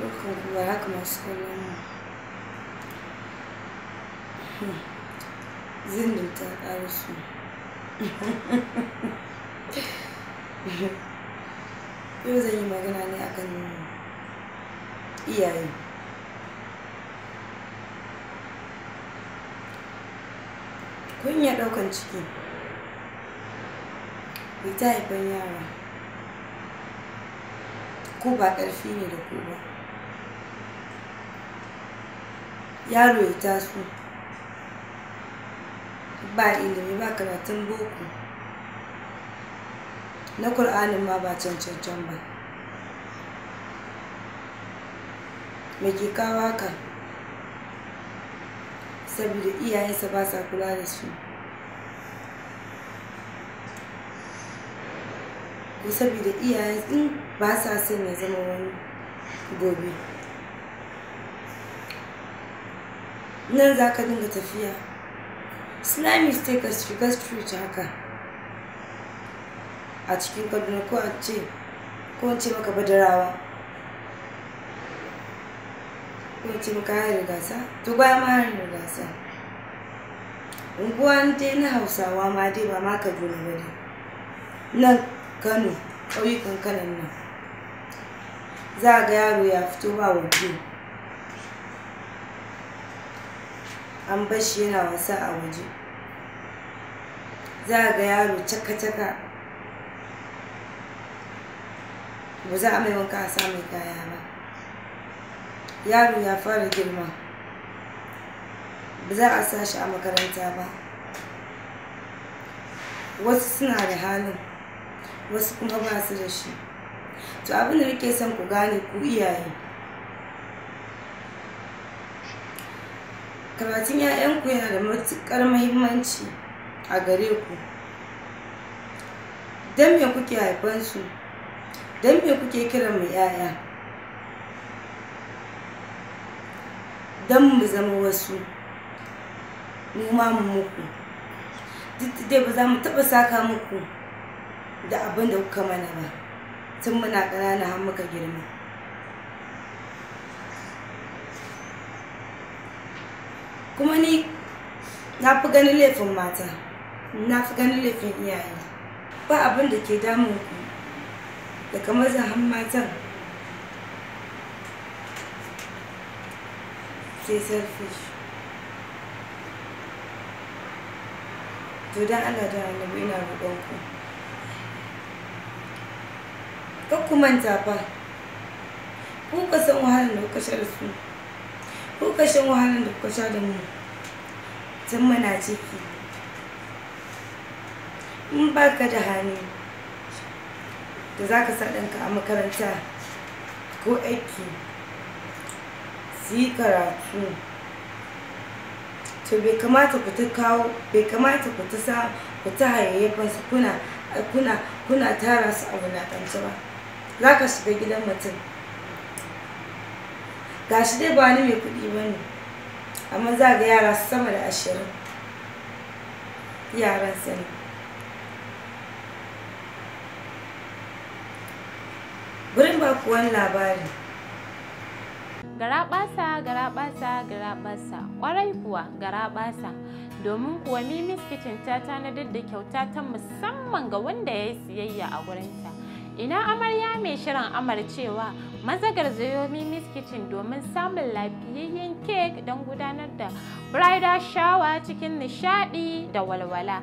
da kuma haka masu kallon mu zindin ta ƙara su yau zan yi magana ne akan iyaye kunya ɗaukan ciki ta haifan yara ko ba ƙarfi ne da ku ba yaro ya taso ba ilimi ba karatun boko na ƙur'anin ma ba cancancan ba me ke kawo haka saboda iyayensa ba sa kula da su saboda iyayen ba sa son ya zama wani gobe nan za ka dinga tafiya islamic sai ka shiga street haka a cikin kaduna ko a ce ko ce maka badarawa ko ce maka hayar gasa to baya ma hayar gasa unguwa dai na hausawa ma dai ba ma kaduna ba ne nan kano ƙauyukan kanan nan za ga yaro ya fito ba wajen an bar yana wasa a waje za a ga yaro caka-caka ba za a mai wanka a sa mai kaya ba yaro ya fara girma ba za a sa shi a makaranta ba wasu suna da halin wasu kuma ba su da shi to abin da nake son ku gane ku iyaye karatun 'ya'yanku yana da matukar muhimmanci a gare ku don me kuke haifansu don me kuke kiran mu 'ya'ya don mu zama wasu mu ma mu muku duk dai ba za mu taɓa saka muku da abin da kuka mana ba tun muna ƙanana har muka girma kuma ni na fi ganin laifin mata na fi ganin laifin iyaye ba abin da ke damun ku kamar mazan matan sai selfish to don allah da annabi ina roƙon ku kar ku manta fa ku kasan san wahalar da kuka su ko wahalar da kuka sha da mu tun muna ciki in ba ka da hannu da za ka sa ɗanka a makaranta ko aiki su yi karatu to bai kamata ku ta kawo bai kamata ku ta sa ku ta kuna kuna kuna tara su a wulaƙance ba za ka shiga gidan mutum gashi dai ba ni mai kuɗi ba ne amma za ga yara sama da ashirin yaran sani gurin ba kuwan labari garaɓasa garaɓasa garaɓasa ƙwarai kuwa garaɓasa domin kuwa mimis kitchen ta tanadar da kyauta ta musamman ga wanda ya yi siyayya a gurinta ina amarya mai shirin amarcewa maza garzayo kitchen domin samun lafiyayyen kek don gudanar da bridal shawa cikin nishadi da walwala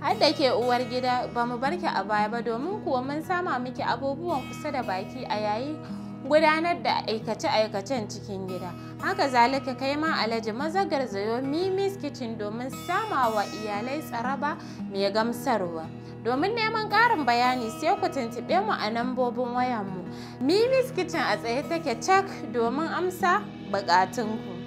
hadda ke uwar gida ba mu barki a baya ba domin kuwa mun sama miki abubuwan kusa da baki a yayi gudanar da aikace-aikacen cikin gida haka zalika kai ma alhaji maza garzayo mimis kitchen domin sama wa iyalai tsaraba mai gamsarwa domin neman ƙarin bayani sai ku tuntuɓe mu a nambobin wayanmu mimis kitchen a tsaye take cak domin amsa buƙatunku